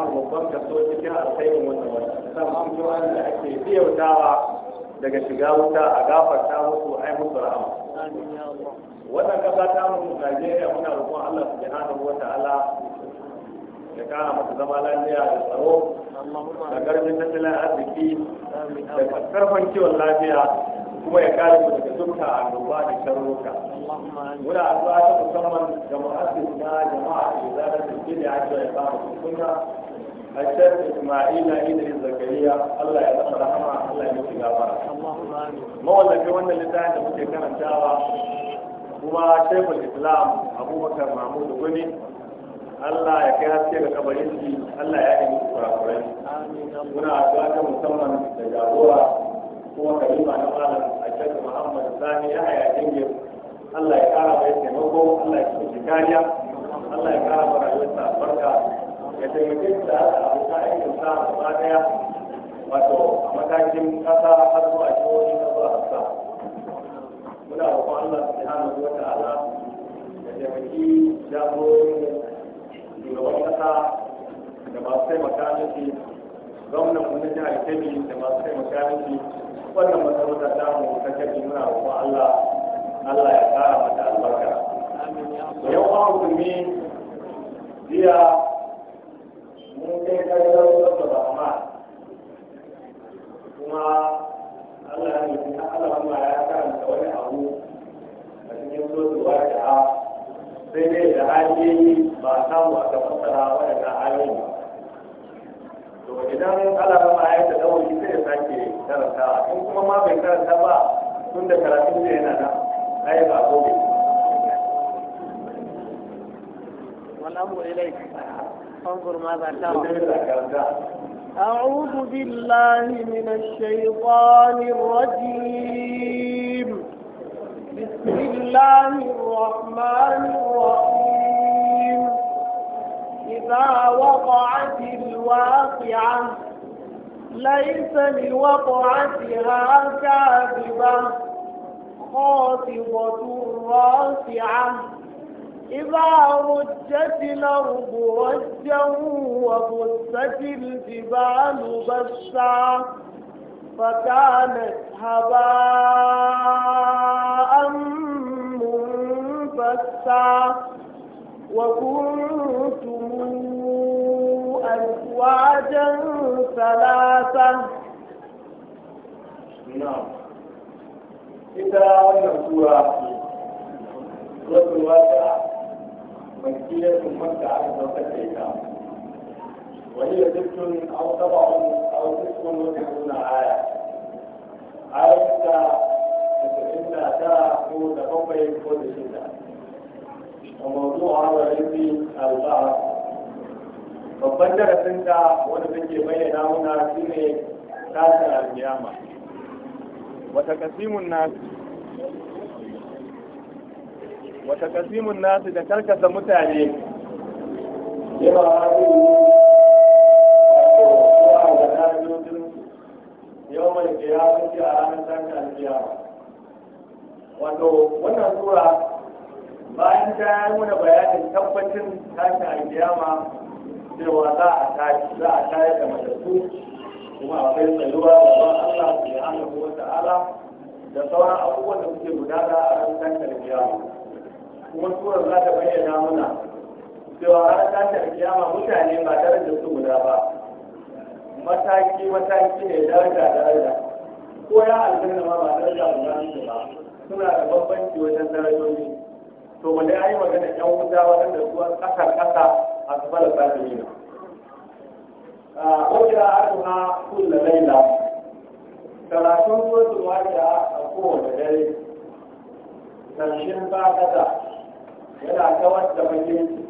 ba mu babban kaso cikin alkhairin wata wata san amso an da ake biyautawa daga shiga wuta a gafar ta mutu, ai musu rahama wannan kasa ta mu Najeriya muna roƙon Allah subhanahu wa ta'ala ya kara mata zama lafiya da tsaro da karfin tattalin arziki da karfin kiwon lafiya kuma ya kare mu daga dukkan annoba da sharruka muna addu'a ta musamman ga mu'assis na jama'a da zarar da ke da ya fara sunna الشيخ إسماعيل إدريس زكريا الله يرحمه رحمه الله يمشي غفرة ما ولا كمان اللي تاعنا ممكن كان شاوا هو شيخ الإسلام أبو بكر محمود غني Allah ya kai haske ga kabarin shi Allah ya yi musu kurakurai muna addu'a ta musamman da jagora kuma kalima na malam a shekar Muhammad Sani ya haya dingin Allah ya kara mai taimako Allah ya kishi kariya Allah ya kara mana rayuwarsa albarka ya taimake da abokan aikin sa gaba daya wato a matakin kasa har zuwa jihohi na zuwa hassa muna roƙon Allah subhanahu wa ta'ala ya taimaki jagororin shugaban kasa da masu taimaka miki gwamnan mu na jihar Kebbi da masu taimaka miki wannan masarauta ta mu ta Kebbi muna roƙon Allah Allah ya kara mata albarka yau an hukumi jiya mun kai ka yi zaɓar da amma kuma Allah ne Kuma Allah kuma ya karanta wani abu a cikin sosuwa da a sai dai da hali ba samu a gaban sana wani na hali ba to idan Allah kuma ya ta dawo shi sai ya sake karanta in kuma ma bai karanta ba tun da karatun sai yana nan ai ba gobe والأمر إليك انظر ماذا ترى أعوذ بالله من الشيطان الرجيم بسم الله الرحمن الرحيم إذا وقعت الواقعة ليس لوقعتها كاذبة خاطبه رافعة إذا رجت الأرض رجا وبست الجبال بسا فكانت هباء منبسا وكنتم أزواجا ثلاثة نعم إذا أن أقول سورة الواقعة مكية مكة على توقف إيتام وهي ست أو سبع أو تسع وتسعون آية آية تسعين تاء هو تقوي كل شدة وموضوعها ولدي البعض babban darasinta wanda take bayyana muna shine tashin alkiyama wata kasimun nasu wa taqsimun nas da karkasa mutane yau mai kiyama ce a ranar tashin alkiyama wato wannan tura bayan ta yi muna bayanin tabbacin tashin alkiyama cewa za a tashi za a tayar da matattu kuma akwai da gaban Allah subhanahu kuma ta'ala da sauran abubuwan da suke gudana a ranar tashin alkiyama kuma surar za ta bayyana muna cewa ta ta kiyama mutane ba da su guda ba mataki mataki ne daraja daraja ko ya aljanna ma ba daraja guda su ba suna da bambanci wajen darajoji to wanda dai ayi magana yan wuta waɗanda su an ƙasa ƙasa a kafar fara a ne wakila aruna kulla laila karatun suratul waqi'a a kowace dare karshen ba kasa yana kawar da bakin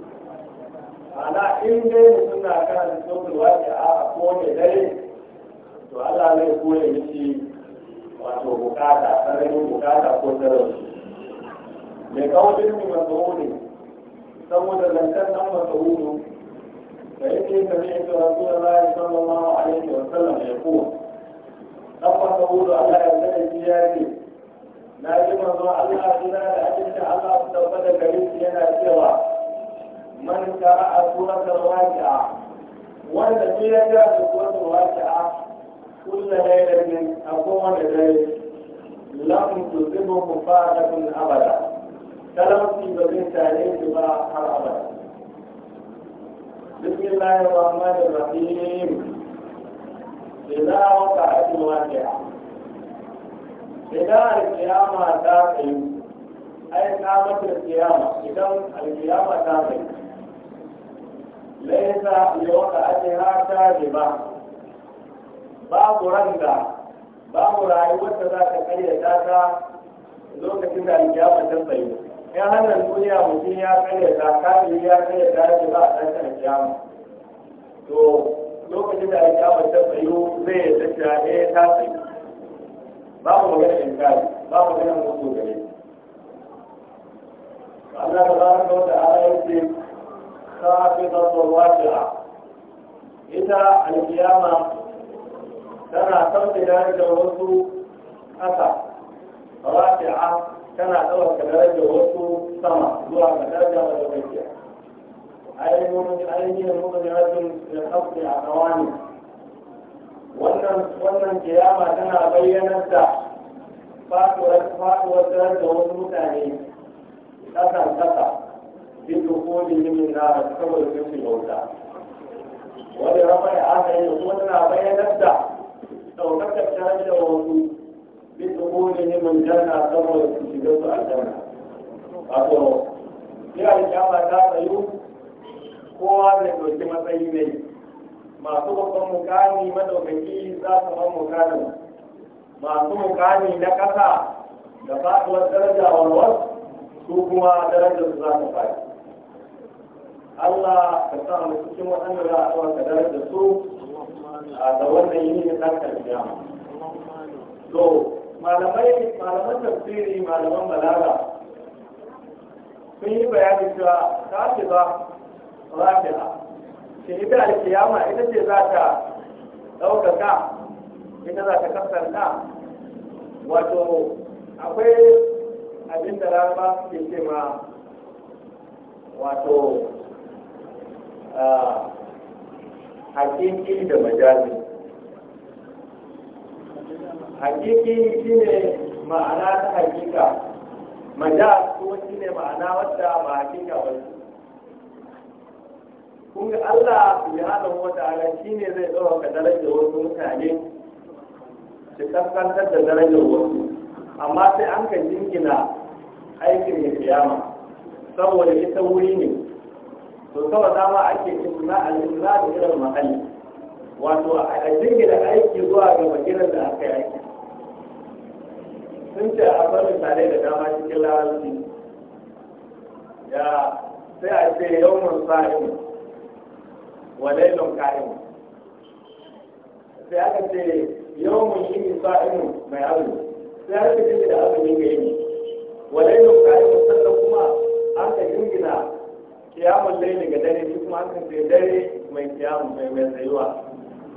ana in dai mutum na kan sokul wace a ko dare to Allah zai koya miki wato bukata sararin bukata ko sarari mai kawajin mai masauni saboda zancen nan masauni da yake sami ita rasulullahi sallallahu a wa sallam ya ko dan masauni Allah ya zai ya ce na ji manzo Allah jira da abinda Allah su dauka da gari yana cewa man qara'a suratul waqi'a wanda ke ya ga suratul da kullu laylatin a kowane dare lam tusibuhu fa'atun abada kalamci ba zai tare shi ba har abada بسم الله الرحمن الرحيم إذا idan alkiyama ta tsayu ai na mata alkiyama idan alkiyama ta tsayu laisa li waqa'atiha kadiba babu ranga babu rayuwar da za ta karyata ta lokacin da alkiyama ta tsayu in hannun duniya mutum ya karyata kafiri ya karyata ya ce ba a ɗan alkiyama to lokacin da alkiyama ta tsayu zai yadda ta eh, ta tsayu babu magana inkari babu magana mutu gare da wata ala ita alkiyama tana sauke darajar wasu ƙasa wajiya tana ɗaukaka darajar wasu sama zuwa ga darajar madaukakiya ainihin mutum ainihin mutum ya rajin da sauke a kawani wannan kiyama tana bayyanar da faduwar faduwar da wasu mutane kasan kasa bin kodin limin na saboda sun fi wuta wani rafa ya aka yi kuma tana bayyanar da ɗaukakar ta da wasu bin dukodin limin janna saboda sun shiga su aljanna wato kira da kyama ta tsayu kowa zai ɗauki matsayi ne masu babban mukami madaukaki za su ban mukami masu mukami na ƙasa da faɗuwar daraja warwar su kuma daraja su za ta faɗi Allah ka sa mu cikin waɗanda za a ka darajar su a da wannan yini na ɗaukar karfiya. To, malamai malaman tafsiri malaman balaga sun yi bayani cewa ta ce ba ta ke ita alkiyama ita ce za ta ɗaukaka ita za ta kasanta wato akwai abin da rama ke ce ma wato hakiki da majazi hakiki shi ne ma'ana ta hakika majaz ko shi ne ma'ana wadda ba hakika wasu kun ga Allah subhanahu wataala shine zai dauka darajar wasu mutane da kaskantar da darajar wasu amma sai an ka jingina aikin ya kiyama saboda ita wuri ne to kawai dama ake a al-isna da irin mahalli wato a jingina aiki zuwa ga magiran da aka yi aiki sun ce a bar misalai da dama cikin larabci ya sai a ce yawon sa'in walailun ka'im sai aka ce yau mun yi misa'inu mai abu sai aka ce da azumi ga yini walailun ka'im sannan kuma aka jingina kiyamun laili daga dare shi kuma aka ce dare mai kiyamun mai mai tsayuwa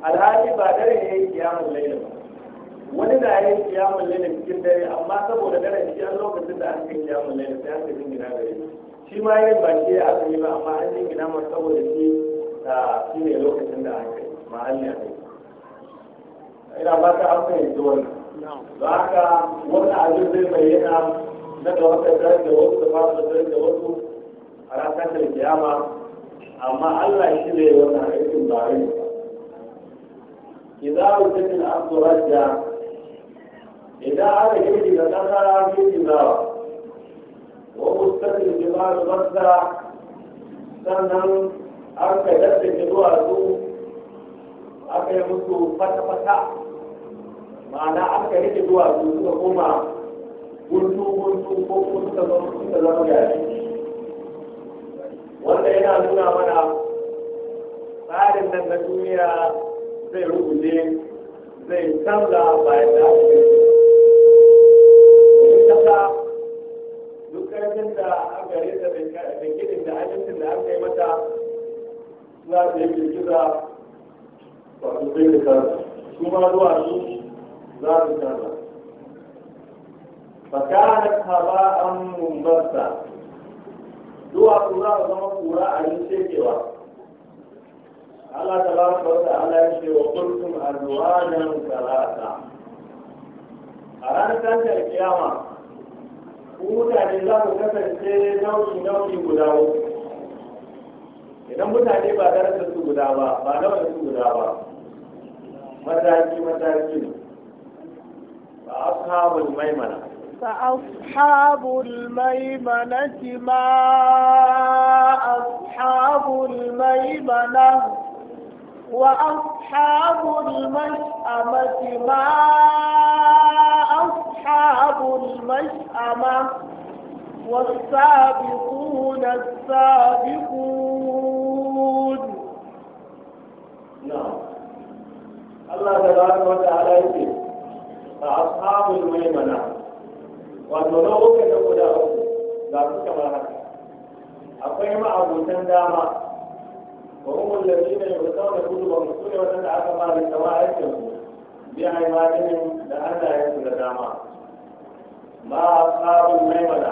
alhali ba dare ne yi kiyamun laili ba wani na yin kiyamun laili cikin dare amma saboda dare shi an lokacin da aka yi kiyamun laili sai aka jingina gare shi ma yin ba shi ya azumi ba amma an jingina masa saboda shi shi ne lokacin da aka mahalli ina ba ba abin zai bayyana na da wata da wasu da fasa da wasu a da kiyama amma Allah shi ne aikin ba rai idan mutum ne an tsoron idan aka girgi da ƙasa wa sannan an ka daddake zuwa su aka yi musu fata-fata ma'ana an ka rike zuwa su suka koma guntu-guntu ko kuma suka zama suka zama gari wanda yana nuna mana tsarin nan na duniya zai rubuce zai canza bayan da ake duk ƙarfin da aka rike da gidan da abincin da aka yi mata za ta yake kisa wato sai da kaza Kuma ma zuwa su za su kaza fakanat haba'an mumbarsa zuwa su za su zama kura a yin shekewa Allah ta ba su wata Allah ya ce wa kuntum azwajan salata a ranar tantar kiyama ku mutane za ku kasance nau'i nau'i guda uku idan mutane ba darajar su guda ba ba na wani su guda ba mataki mataki ne ba ashabul maimana فأصحاب الميمنة ما أصحاب الميمنة وأصحاب المشأمة ما أصحاب المشأمة والسابقون السابقون Allah da ba ka wata ala yake a ashabul maimana wato na uku da guda uku ga su kamar haka akwai ma'abutan dama ne wa umul ladina yusawna kutubahum sunna wa tanda aka ba da tawaitin bi aymanin da Allah ya kula dama ma ashabul maimana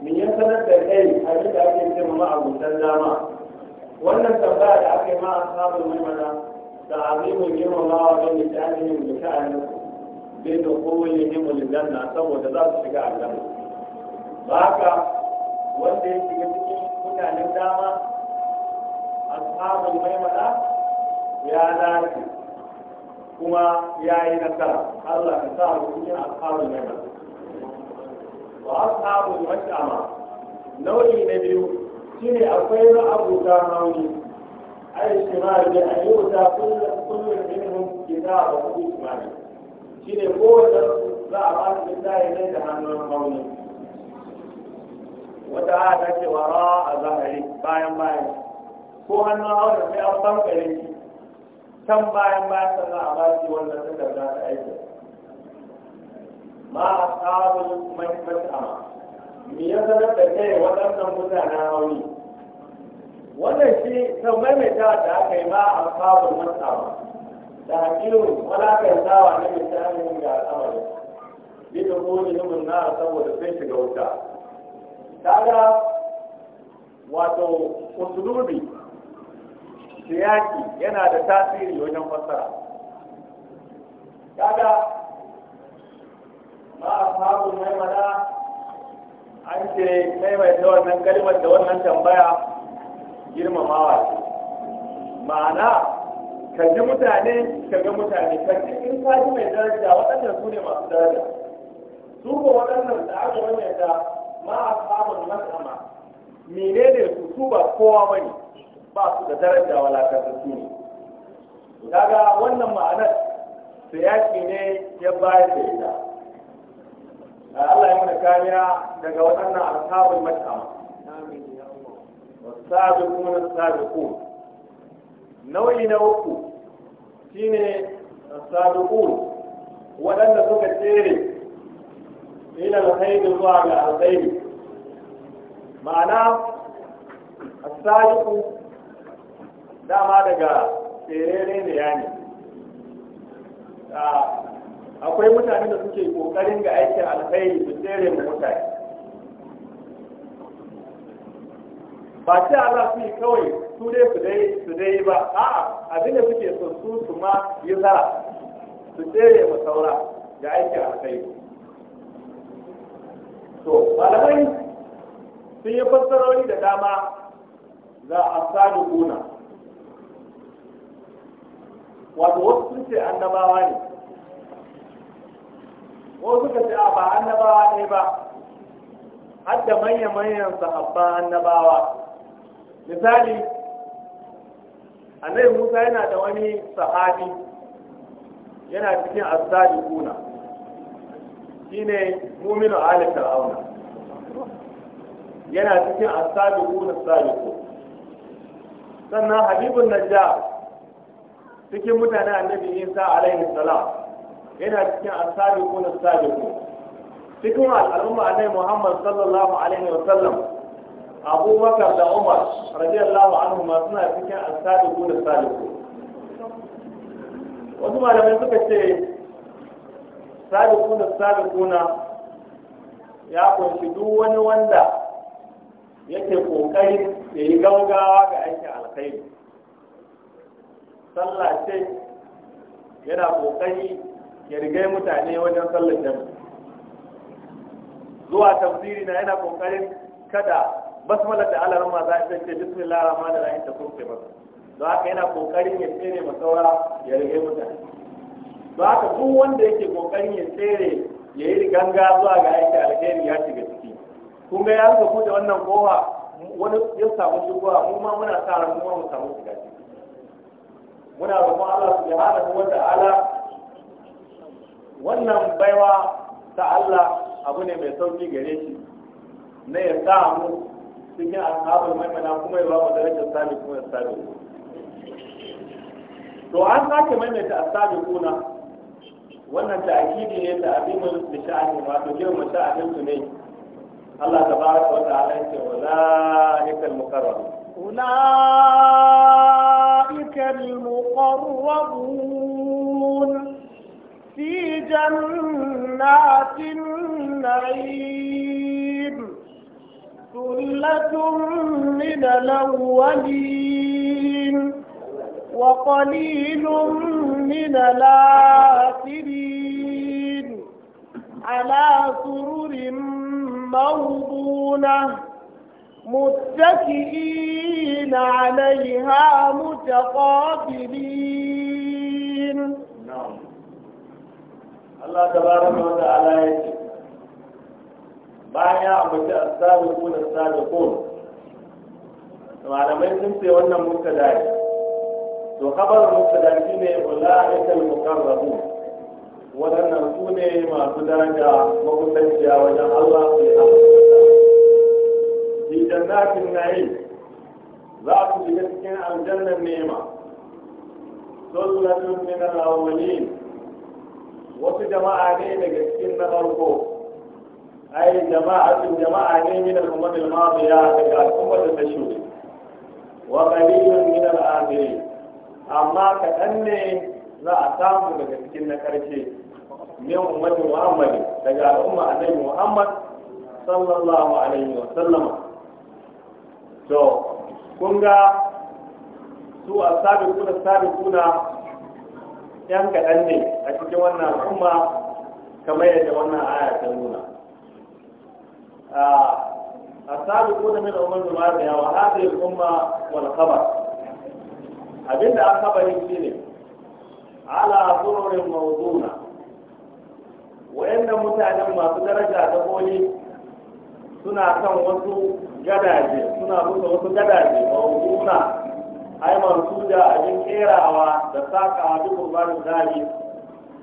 min yi sanar da kai abin da ake cewa ma'abutan dama wannan tambaya da ake yi ma ashabul maimana تعظيم يوم الله بين شأنهم وشأنهم بدخولهم الجنة saboda za su shiga aljanna ba haka wanda ya shiga cikin mutanen dama ashabul maimana ya dace kuma ya yi nasara Allah ka sa mu cikin ashabul maimana wa ashabul mash'ama nau'i na biyu shine akwai ma'abuta nauyi ko da za a da hannun Wata a bayan bayan. ko hannun sai an bankare shi can bayan bayan sannan a ba wannan ta aiki ma a tsawon mahimmanci amma me ya sanar da kai waɗannan mutanen hauni wannan shi sau maimaita da aka yi ba a kawo matsawa da hakilu wala ka yi zawa na mai tsarin ga al'amari bi da kone numin na saboda sai shiga wuta Ta ga, wato usulubi siyaki yana da tasiri wajen fassara kaga ma a kawo maimana an ce maimaita wannan kalmar da wannan tambaya girmamawa ce ma'ana ka ji mutane ka ga mutane ka ji in ka ji mai daraja waɗannan su ne masu daraja su ko waɗannan da aka wani ta ma a samun masama menene su su ba kowa ba ne ba su da daraja walakantar su ne daga wannan ma'anar su yaƙi ne ya bayar da ita Allah ya mana kariya daga waɗannan alƙawarin masama والسابقون السابقون نوعي نوكو شيني السابقون waɗanda suka tsere ila alkhairi zuwa ga alkhairi ma'ana asaliku dama daga tsere ne ya akwai mutane da suke ƙoƙarin ga aikin alkhairi su tsere mutane ba ce Allah su yi kawai su dai su dai su dai ba a'a abin da suke so su su ma yi zara su tsere ma saura da aiki a kai to malamai sun yi fassarori da dama za a sadu kuna wato wasu sun ce annabawa ne wasu suka ce a ba annabawa ne ba Hadda manya-manyan sahabban annabawa misali annabi musa yana da wani sahabi yana cikin asali kuna shine muminu ali fir'auna yana cikin asali kuna ko sannan habibun Najja cikin mutane annabi isa alaihi salam yana cikin asali kuna ko cikin al'umma annabi muhammad sallallahu alaihi wa sallam Abu maka da umar radiyallahu anhu ma suna cikin ko da saliku wasu malamai suka ce saliku da saliku na ya kunshi duk wani wanda yake kokari ya yi gaugawa ga aikin alkhairi sallah ce yana kokari ya rigai mutane wajen sallar jami'a zuwa tafsiri na yana kokarin kada basmalar da alaran ma za ta ce bismillahir rahmanir rahim ta kurce ba don haka yana kokarin ya tsere ma saura ya rage mutane don haka duk wanda yake kokarin ya tsere ya yi ganga zuwa ga aiki alheri ya shiga ciki kun ga ya rufe ku da wannan kowa wani ya samu shigowa mu ma muna sa ran mu ma mu samu shiga ciki muna roƙon Allah subhanahu wanda ala wannan baiwa ta Allah abu ne mai sauki gare shi na ya sa mu cikin ashabul maimana kuma ya ba darajar sami kuma ya sami to an sake maimaita asabi kuna wannan ta'kidi ne ta abimul bishani ma to girma sha'anin su ne Allah tabaraka wa ta'ala yake wa zalikal muqarrab ulaikal muqarrabun fi jannatin na'im ثلة من الأولين وقليل من الآخرين على سرر موضونة متكئين عليها متقابلين نعم. الله تبارك وتعالى يقول bayan ya a as-sabiquna as-sabiqun malamai sun ce wannan mubtada ne to khabar mubtada shine ulaikal muqarrabun wadannan su ne masu daraja makusanciya wajen Allah su yi fi na na'im za su yi cikin aljannar nema sullatun min al-awwalin wasu jama'a ne daga cikin na farko ai jama'atun jama'a ne min al-ummam al-madiya daga al'ummar da ta shuɗe wa qalilun min al-akhirin amma kaɗan ne za a samu daga cikin na ƙarshe min ummatin muhammad daga al'umma annabi muhammad sallallahu alaihi wa sallama to kun ga su as kuna as kuna, yan kaɗan ne a cikin wannan al'umma kamar yadda wannan aya ta nuna asabu ko da mai da umarni da yawa haɗe da kuma wani kaba abin da an kaba yin shi ne ala sururin mawuzuna wayanda mutanen masu daraja da boli suna kan wasu gadaje suna rusa wasu gadaje mawuzuna aimar suja a yin kerawa da saka a duk rubarin zari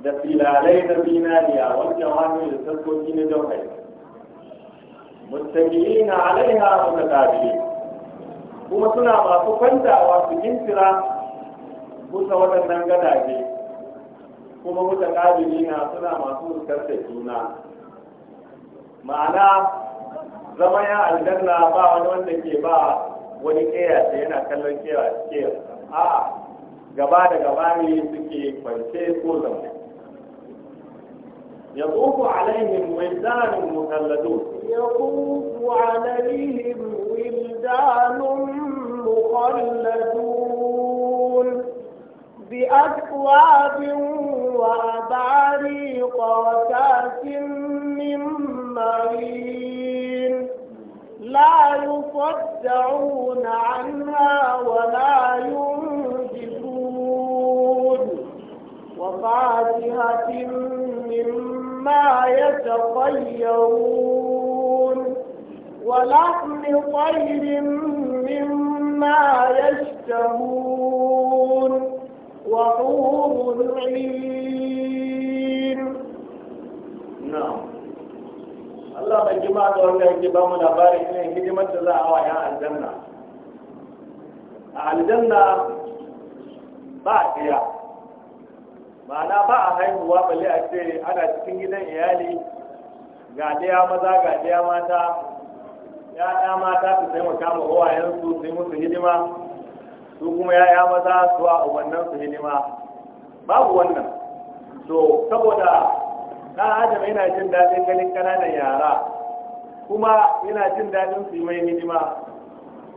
da filalai na binariya wajen wani da sarkoki na jamhari mustaqiina alaiha mutaqabilin kuma suna masu kwantawa su kintira kusa waɗannan gadaje kuma mutaqabilina suna masu karfe juna ma'ana zama ya aljanna ba wani wanda ke ba wani ce yana kallon kiyarsa a gaba da gaba ne suke kwance ko zaune ya tsofa alaihin mai zanen يطوف عليهم ولدان مخلدون بأكواب وأباريق وكأس من معين لا يصدعون عنها ولا ينجزون وفاكهة مما يتخيرون ولحم طير مما يشتهون وحور عين نعم الله من jima da wanda yake ba mu labarin irin hidimar da الجنة a wa ma'ana ba a haihuwa balle a ce ana cikin gidan iyali ga daya maza ga daya mata ya'ya mata su taimaka ma uwayensu su yi musu hidima su kuma ya'ya maza su a ubannan su hidima babu wannan to saboda na adam yana jin daɗin ganin ƙananan yara kuma yana jin daɗin su yi mai hidima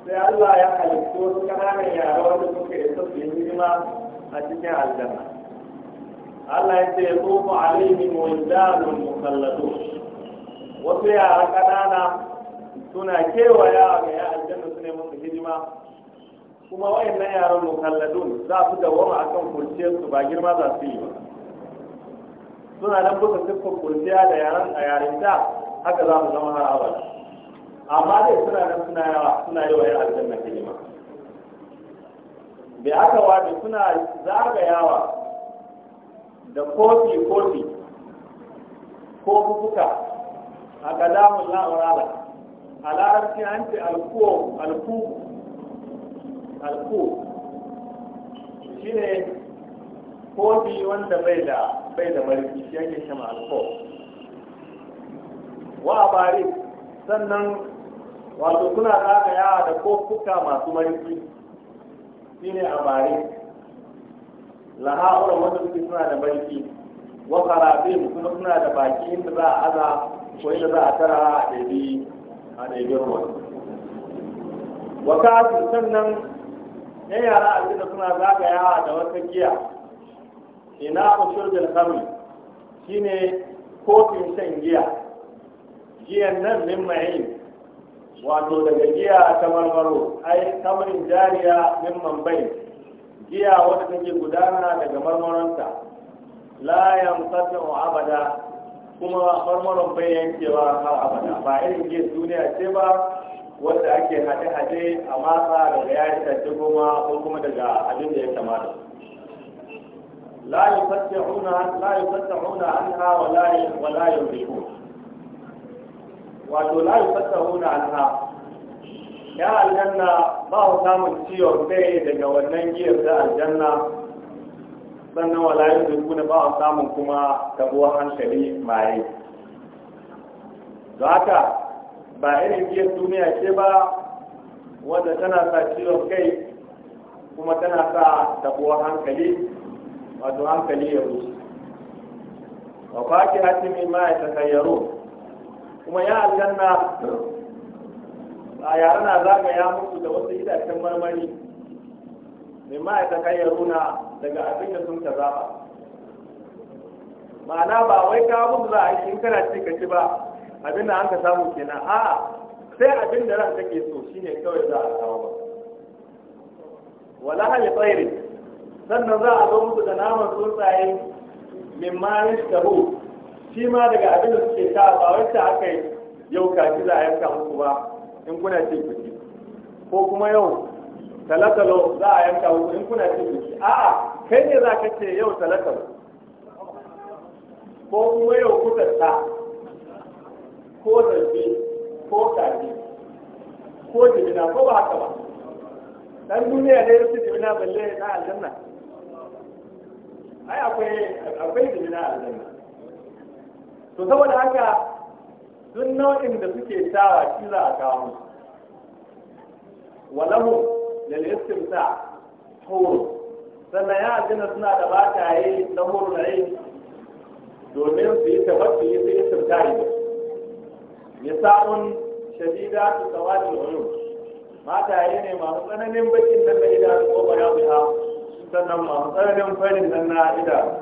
sai Allah ya halittu wasu ƙananan yara wanda suka isa su yi hidima a cikin aljanna Allah ya ce alimi mu yaqumu alaihim mu mukhalladun wasu yara ƙanana suna kewaya ga ya aljanna su ne masu hijima, kuma nan yaran mukalladun za su dawama akan kurciyar su ba girma za su yi ba suna nan buka siffar kurciya da yaran a ta, haka za mu zama har abada amma dai suna nan suna yawa suna yi wa ya aljanna hijima. bai aka wato suna zagayawa da kofi kofi ko bukuka a kadamun la'urala a larabci an alku alku shi ne kofi wanda bai da bai da mariki shi yake shama alko wa a bari sannan wato kuna yawa da kofuka masu mariki shine ne a bari laha'ura wanda suke suna da mariki wa karabe kuma suna da baki inda za a aza ko inda za a tara a ɗabi a daidai ruwa sannan ya yara a gida suna zagayawa da wata giya ina ushur da shine kofin shan giya giyan nan min ma'in wato daga giya ta marmaro ai kamarin jariya min mambai giya wadda take gudana daga marmaronta la yanfatu abada kuma marmaron bai ba a abada ba irin gis duniya ce ba wanda ake haɗe-haɗe a matsa daga yi tace goma ko kuma daga abin da ya kamata la yufattahuna la yufattahuna anha wa layi wa layi riko wato huna an ha ya aljanna ba samun ciwon kai daga wannan giyar da aljanna sannan wala yin da na ba samun kuma tabuwa hankali maye da haka ba irin biyar duniya ce ba wanda tana sa ciwon kai kuma tana sa tabuwa hankali wato hankali ya rusu. wa faki hatimi ma ya takayyaro kuma ya aljanna a yare na ya mutu da wasu itacen marmari mai ma ya takayyaro na daga abin da sun ka zaba ma'ana ba wai ka musu za a yi in kana ci ka ci ba abin da an ka samu kenan a sai abin da ran take so shine kawai za a kawo ba wala hali tsairi sannan za a zo musu da naman tsuntsaye min maris da hu shi ma daga abin da suke ta ba wacce aka yi yau kaji za a yanka muku ba in kuna ci ku ko kuma yau talakalo za a yanka muku in kuna ci ku ci a'a kai ne za ka ce yau talakar ko kuma yau ta? ko zarfi ko kaji ko jimina ko ba haka ba dan duniya da yarsu jimina balle na aljanna ai akwai akwai jimina aljanna to saboda haka duk nau'in da suke tawa shi za a kawo musu walahu lil istimta hawru sannan ya aljanna suna da mataye na horo na rai domin su yi tabbaci su yi sirkari da nisa'un shadida su tsawadin uyun mataye ne masu tsananin bakin nan na idanu ko ba ya biya sannan masu tsananin farin nan na idanu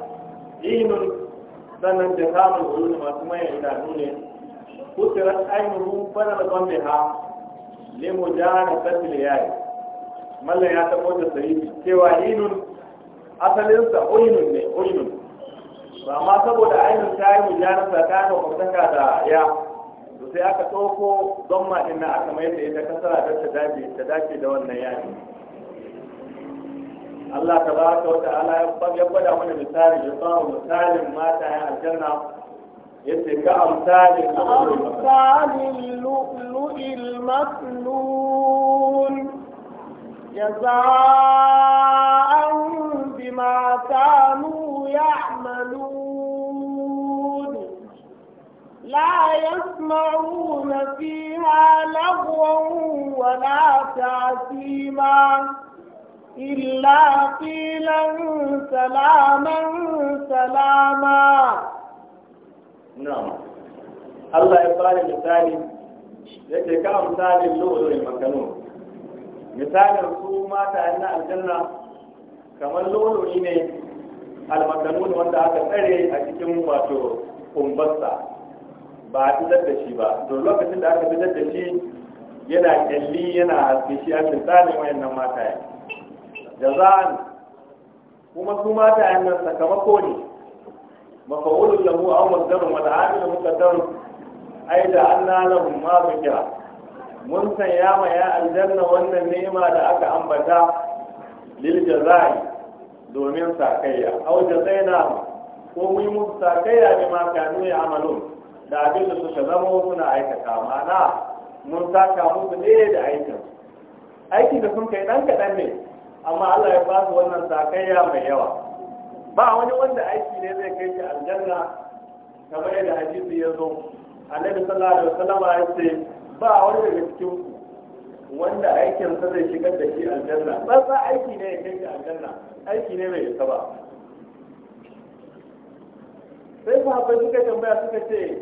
inun sannan da samun uyun masu mayan idanu ne kusurar ainihin fadar zon ha limu jana fasil yayi mallan ya tabo da sahihi cewa inun asalinsa uyunun ne uyunun ba ma saboda ainihin ta yi mujanarsa ta yi da ya to sai aka tsoko don ma ina aka mai yadda ita kasara ta dace ta dace da wannan yaƙi Allah ta ba ka wata ala ya gwada mana misali ya ba mu misalin mata ya aljanna yace ka amsalin amsalin lu'il maknun jaza'an بما كانوا يعملون لا يسمعون فيها لغوا ولا تعسيما إلا قيلا سلاما سلاما نعم الله يقال مثالي yake kawo misalin lo'olo da makano misalin su mata na aljanna kamar lolo shi ne almakanun wanda aka tsare a cikin wato kumbarsa ba a fitar da shi ba to lokacin da aka fitar da shi yana kyalli yana haske shi a tsarin wayannan mataye jaza'an kuma su matayen nan sakamako ne mafa'ulun lahu aw mazdarun wal amil muqaddar ai da anna lahum ma kira mun sanya ma ya aljanna wannan nema da aka ambata lil jazai domin sakayya tsaye na ko mu yi musu sakayya ne ma kanu ya amalun da abin da suka zama suna aikata mana mun saka musu ne da aikin aiki da sun kai dan kaɗan ne amma Allah ya ba wannan sakayya mai yawa ba wani wanda aiki ne zai kai shi aljanna kamar yadda hadisi ya zo annabi sallallahu alaihi wasallam ya ce ba wani daga cikin wanda aikin sa zai shigar da shi aljanna ba za aiki ne ya kai shi aljanna aiki ne mai isa ba sai Su sahabbai suka tambaya suka ce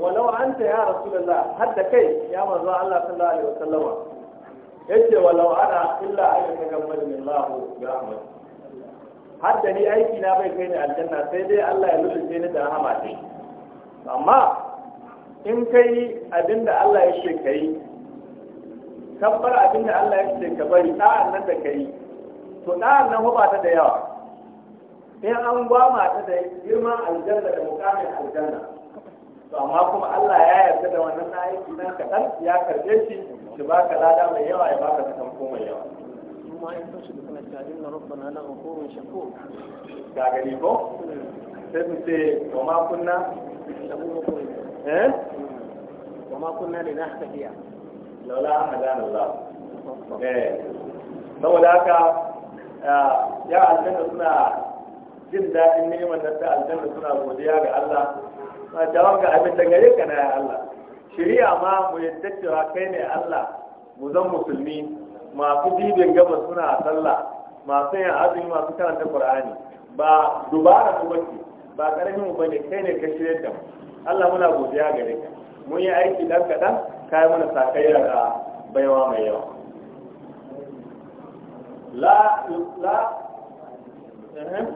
walau anta ya rasu rasulullah har da kai ya manzo Allah sallallahu alaihi wasallama ce walau ana illa an tagammal min Allah ya rahmat har da ni aiki na bai kai ni aljanna sai dai Allah ya lulluce ni da rahama dai amma in kai abinda Allah ya ce kai tabbar abin da Allah ya ce ka bari da'an nan da kai to da'an nan ba ta da yawa in an gwama ta da girman aljanna da mukamin aljanna to amma kuma Allah ya yarda da wannan aiki nan kaɗan ya karɓe shi shi ba ka lada mai yawa ya ba ka sakamako mai yawa kuma in kashi da kana tajin na rabbana la ghafurun shakur ga gani ko sai mu ce wa ma kunna eh wa ma laula an hadana Allah eh saboda haka ya aljanna suna jin daɗin neman da ta aljanna suna godiya ga Allah ma jawab ga abin da gare ka na ya Allah shari'a ma mu yadda cewa kai ne Allah mu zan musulmi masu dibin gaba suna sallah masu yin azumi masu karanta Qur'ani ba dubara mu bace ba karamin mu bane kai ne ka shirye da mu Allah muna godiya gare ka mun yi aiki dan kadan kai mana sakai da baiwa mai yawa la la eh,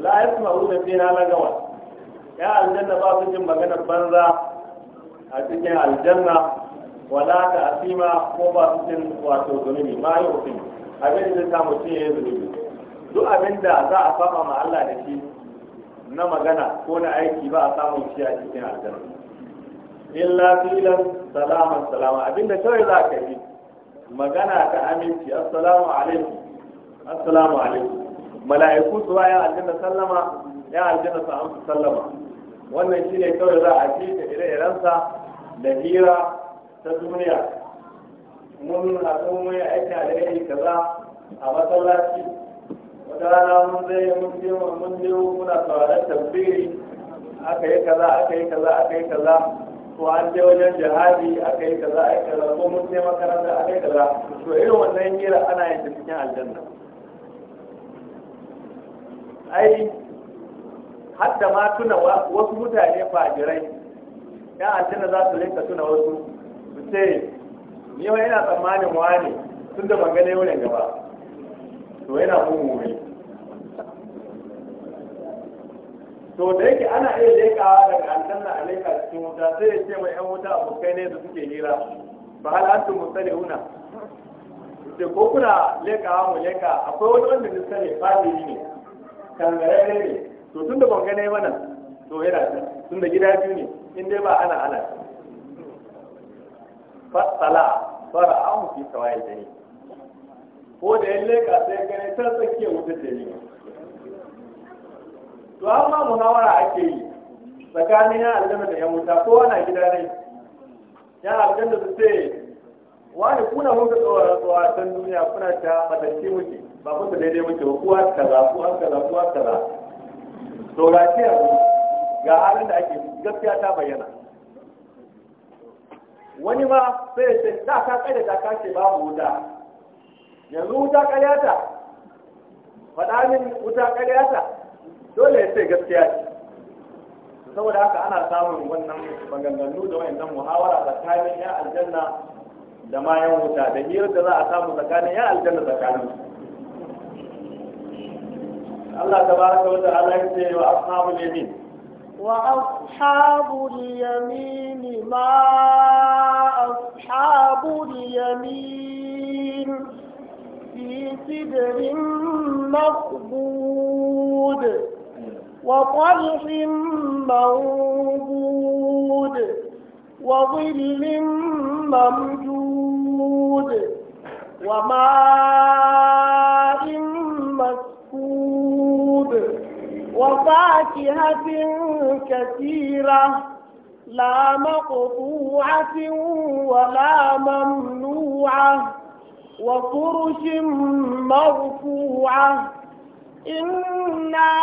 la yasma'una fina lagawa ya aljanna ba su jin maganar banza a cikin aljanna wala ta asima ko ba su jin wato zunubi ma yi hukumi abin da ta mutum ya yi zunubi duk abin da za a saba ma Allah da shi na magana ko na aiki ba a samun shi a cikin aljanna illa filan salama salama abinda kawai za ka yi magana ta aminci assalamu alaikum assalamu alaikum mala'iku zuwa ya aljanna sallama ya aljanna su amsa sallama wannan shine kawai za a ji da ire-irensa da hira ta duniya mun haɗu mun aika da yayi kaza a masallaci wata rana mun zai mun je mun je muna sauraron tabbiri aka yi kaza aka yi kaza aka yi kaza ko an je wajen jihadi aka yi kaza aka kaza ko mun je makaranta aka yi kaza to irin wannan kira ana yin cikin aljanna ai hadda ma tuna wasu mutane fajirai ya aljanna za su rinka tuna wasu su ce ni wai yana tsammanin wani tun da ban gane wurin gaba to yana mummuri to da yake ana iya lekawa daga aljanna a leka cikin wuta sai ya ce mai yan wuta abokai ne da suke hira ba hal antum una ce ko kuna lekawa mu leka akwai wani wanda ni sani fadiri ne kangarare ne to tun da ban gane mana to yana ta tun da gida biyu ne in dai ba ana ana fasala fara an fi kawai da ni ko da ya leka sai gane ta tsakiyar wutar da ni to amma muhawara ake yi tsakanin yan aljanna da yan wuta ko ana gida ne yan aljanna su ce wani kuna mun ga tsoron tsowa can duniya kuna ta matashi muke ba kun da daidai muke ba kuwa kaza kuwa kaza kuwa kaza to ga ce ga halin da ake gaskiya ta bayyana wani ma sai ya ce da ka kai da ta kace babu wuta yanzu wuta karyata faɗa min wuta karyata dole ya ce gaskiya saboda haka ana samun wannan maganganu da wayannan muhawara tsakanin ya aljanna da ma yan wuta da hirar da za a samu tsakanin ya aljanna tsakanin Allah ta tabaraka wata ta'ala ya ce wa ashabu yamin wa ashabu yamin ma ashabu yamin fi sidrin maqbud وطلح منضود وظل ممدود وماء مسكود وفاكهة كثيرة لا مقطوعة ولا ممنوعة وفرش مرفوعة إنا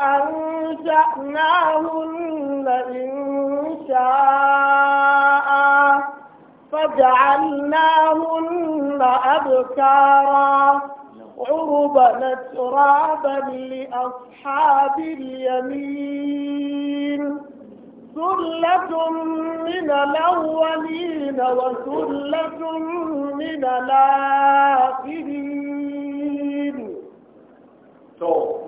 أنشأناهن إنشاء فجعلناهن أبكارا عربا ترابا لأصحاب اليمين ثلة من الأولين وثلة من الآخرين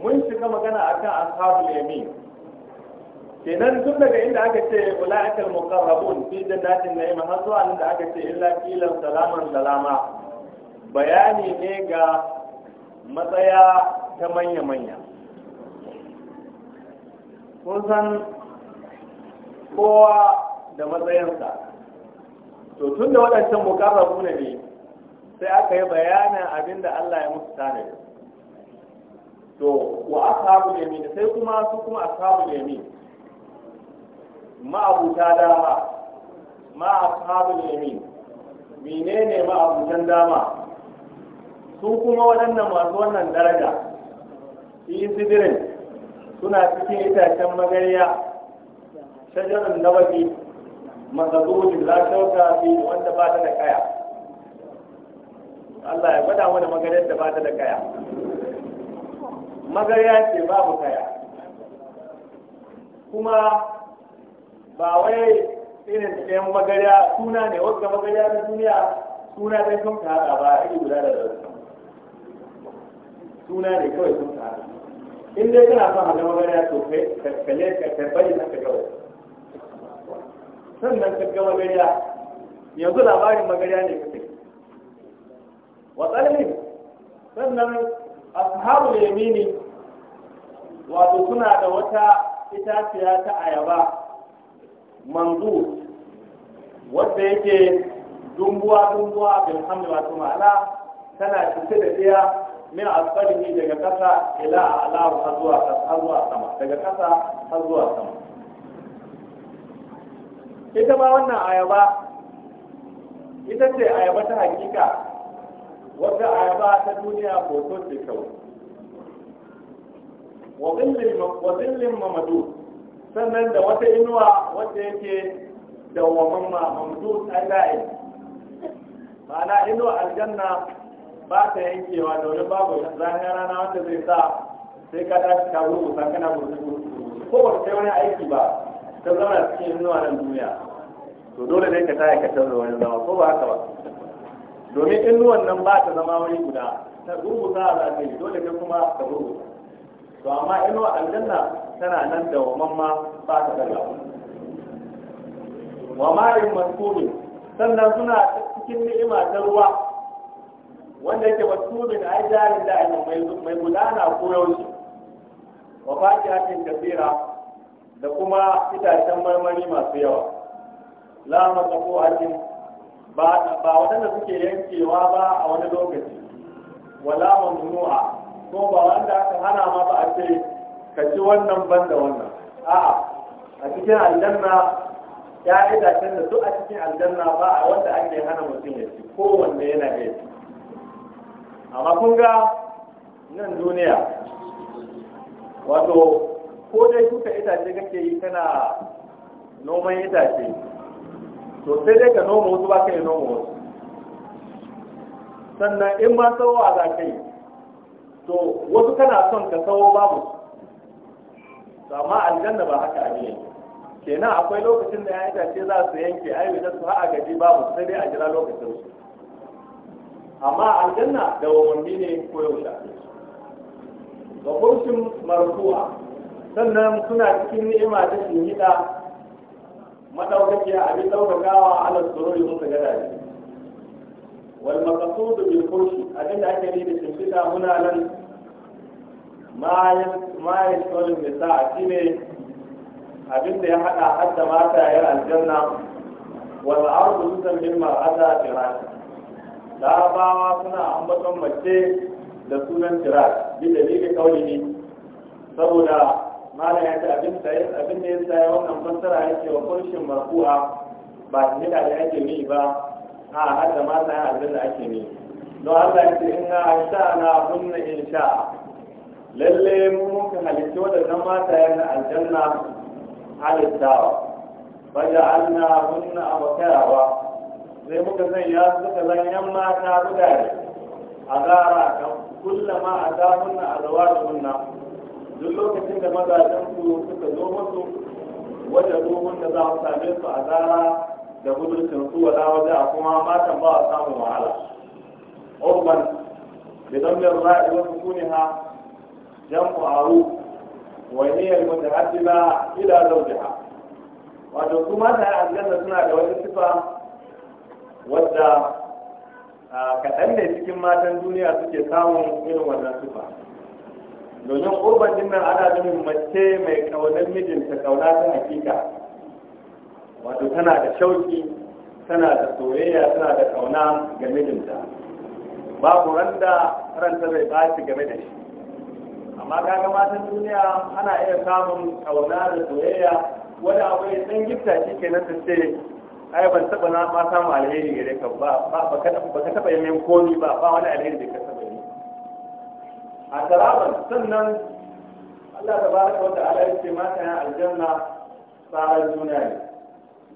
mun shiga magana a kan ashabul yamin kenan tun daga inda aka ce ulaikal muqarrabun fi jannatin na'im har zuwa inda aka ce illa qilan salaman salama bayani ne ga matsaya ta manya manya kun san kowa da matsayinsa to tun da waɗancan mukarrabu ne sai aka yi bayanin abin da Allah ya musu da to wa ashabul yamin sai kuma su kuma ashabul yamin ma'abuta dama ma ashabu yamin menene ma'abutan dama su kuma waɗannan masu wannan daraja fi sidirin suna cikin itacen magariya shajarar nawabi mazalolin la shauka fi wanda ba ta da kaya Allah ya gwada mana maganar da ba ta da kaya magarya ce babu kaya kuma ba wai irin ɗayan magarya suna ne wadda magarya na duniya suna ne sun ta haɗa ba iri guda da rarrasu suna ne kawai sun ta haɗa in dai kana son haɗa magarya to kai kalle ka karbari na ka gawa sannan ka ga magarya yanzu labarin magarya ne kake wa tsalmi sannan ashabul yamini wato suna da wata itaciya ta ayaba manzu wadda yake dumbuwa dumbuwa bil hamdi wato ma'ana tana cike da ɗaya min asfalihi daga kasa ila ala har zuwa sama daga kasa har zuwa sama ita ma wannan ayaba ita ce ayaba ta hakika wata ayaba ta duniya hoto ce kawai wa zillin mamadu sannan da wata inuwa wata yake da mamma mamadu tsallaye ma'ana inuwa aljanna ba ta yankewa domin babu zahiyar rana wanda zai sa sai ka tashi ka rubuta kana burbutu ko ba ta wani aiki ba ta zama cikin inuwa nan duniya to dole ne ka taya ka canza wani zama ko ba haka ba domin inuwan nan ba ta zama wani guda ta rubuta za ta dole ne kuma ta rubuta to amma inuwa aljanna tana nan da mamma ba ta daga wa ma'in maskumin sannan suna cikin ni'ima ta ruwa wanda yake a yi jarin da mai gudana ko yaushe wa fakihatin kasira da kuma itacen marmari masu yawa la matsako'atin ba waɗanda suke yankewa ba a wani lokaci wala mamnu'a ko ba wanda aka hana ma ba a ce ka ci wannan ban da wannan a'a a cikin aljanna ya itacen da su a cikin aljanna ba a wanda ake hana mutum ya ci ko wanda yana ya ci amma kun ga nan duniya wato ko dai kuka itace kake yi kana noman itace to sai dai ka noma wasu ba ka yi noma wasu sannan in ma sawo a za ka yi to wasu kana son ka sawo babu to amma aljanna ba haka ne kenan akwai lokacin da ya yi itace za su yanke ai da su ha'a gaji babu sai dai a jira lokacin su amma aljanna da wani ne ko yaushe wa kurshin sannan suna cikin ni'ima ta shihida madaukakiya abin daukakawa ala sururi mun ka gada shi wal maqsud bil kursi abin da ake nufi da shimfiɗa muna nan ma ya ma ya tsorin da da ya hada hadda mata ya aljanna wal ardu tusammin mar'ata firash larabawa suna ambaton mace da sunan firash bi dalilin kauli saboda mala ya ce abin da ya saya wannan fassara ya yake wa kunshin marfu'a ba ta hida da ake mi ba a har da mata ya abin da ake mi don Allah ya ce ina sha na kunna in sha lalle mu muka halitta waɗannan mata yana aljanna halittawa baja alna kunna abakarawa sai muka sanya suka zanyan mata guda ne a zara kan kullama a zamunna a zawa da duk lokacin da mazajen su suka zo musu wajen ruhun da za mu same su a zara da budurcin su wala waje a kuma matan ba a samun wahala da bidan min ra'i wa sukuniha jam'u aru wa hiya al-mutahabbiba ila ha wato kuma da aljanna suna da wata sifa wadda kaɗan ne cikin matan duniya suke samun irin wannan sifa domin urban din nan ana nufin mace mai kaunar mijinta kauna ta hakika wato tana da shauki tana da soyayya tana da kauna ga mijinta babu randa ranta zai baci game da shi amma kaga matan duniya ana iya samun kauna da soyayya wani abu ya san gifta shi ke ta ce ai ban taba na ma samu alheri gare ka ba ba ka taba yin komi ba ba wani alheri da ka a taraban sannan Allah ta baraka wa ta'ala ya ce mata ya aljanna tsarar juna ne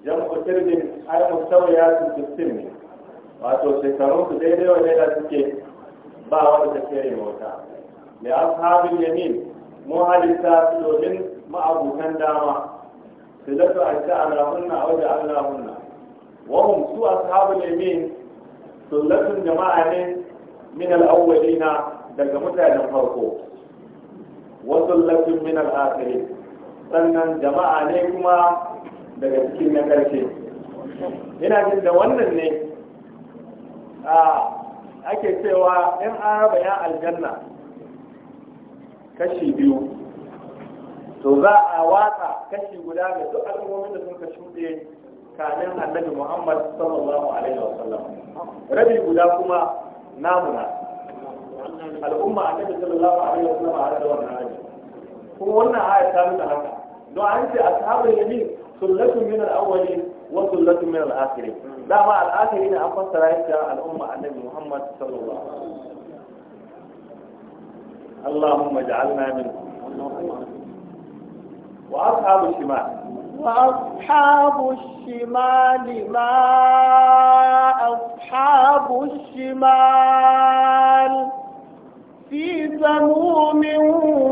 jam'u sirrin ai mustawiyatu sittin ne wato shekarun su daidai wa daidai suke ba wata ta kere mota mai ashabin yamin mu halitta domin ma'abutan dama su zato a ce alahunna a wajen alahunna wahum su ashabin yamin sullatun jama'a ne min al'awwalina daga mutanen farko wasu lafin min al'akari sannan jama'a ne kuma daga cikin na karshe ina jin da wannan ne ake cewa 'yan araba ya aljanna kashi biyu to za a watsa kashi guda ga duk al'ummomin da suka shuɗe kamin annabi muhammad sallallahu alaihi wasallam rabi guda kuma namuna al'umma annabi sallallahu alaihi wasallam a da wannan hali kuma wannan aya ta nuna haka don an ce ashabul yamin sullatun min al-awwalin wa sullatun min al dama al ne an fassara shi al'umma annabi Muhammad sallallahu alaihi wasallam اللهم اجعلنا منهم وأصحاب الشمال وأصحاب الشمال ما أصحاب الشمال في سموم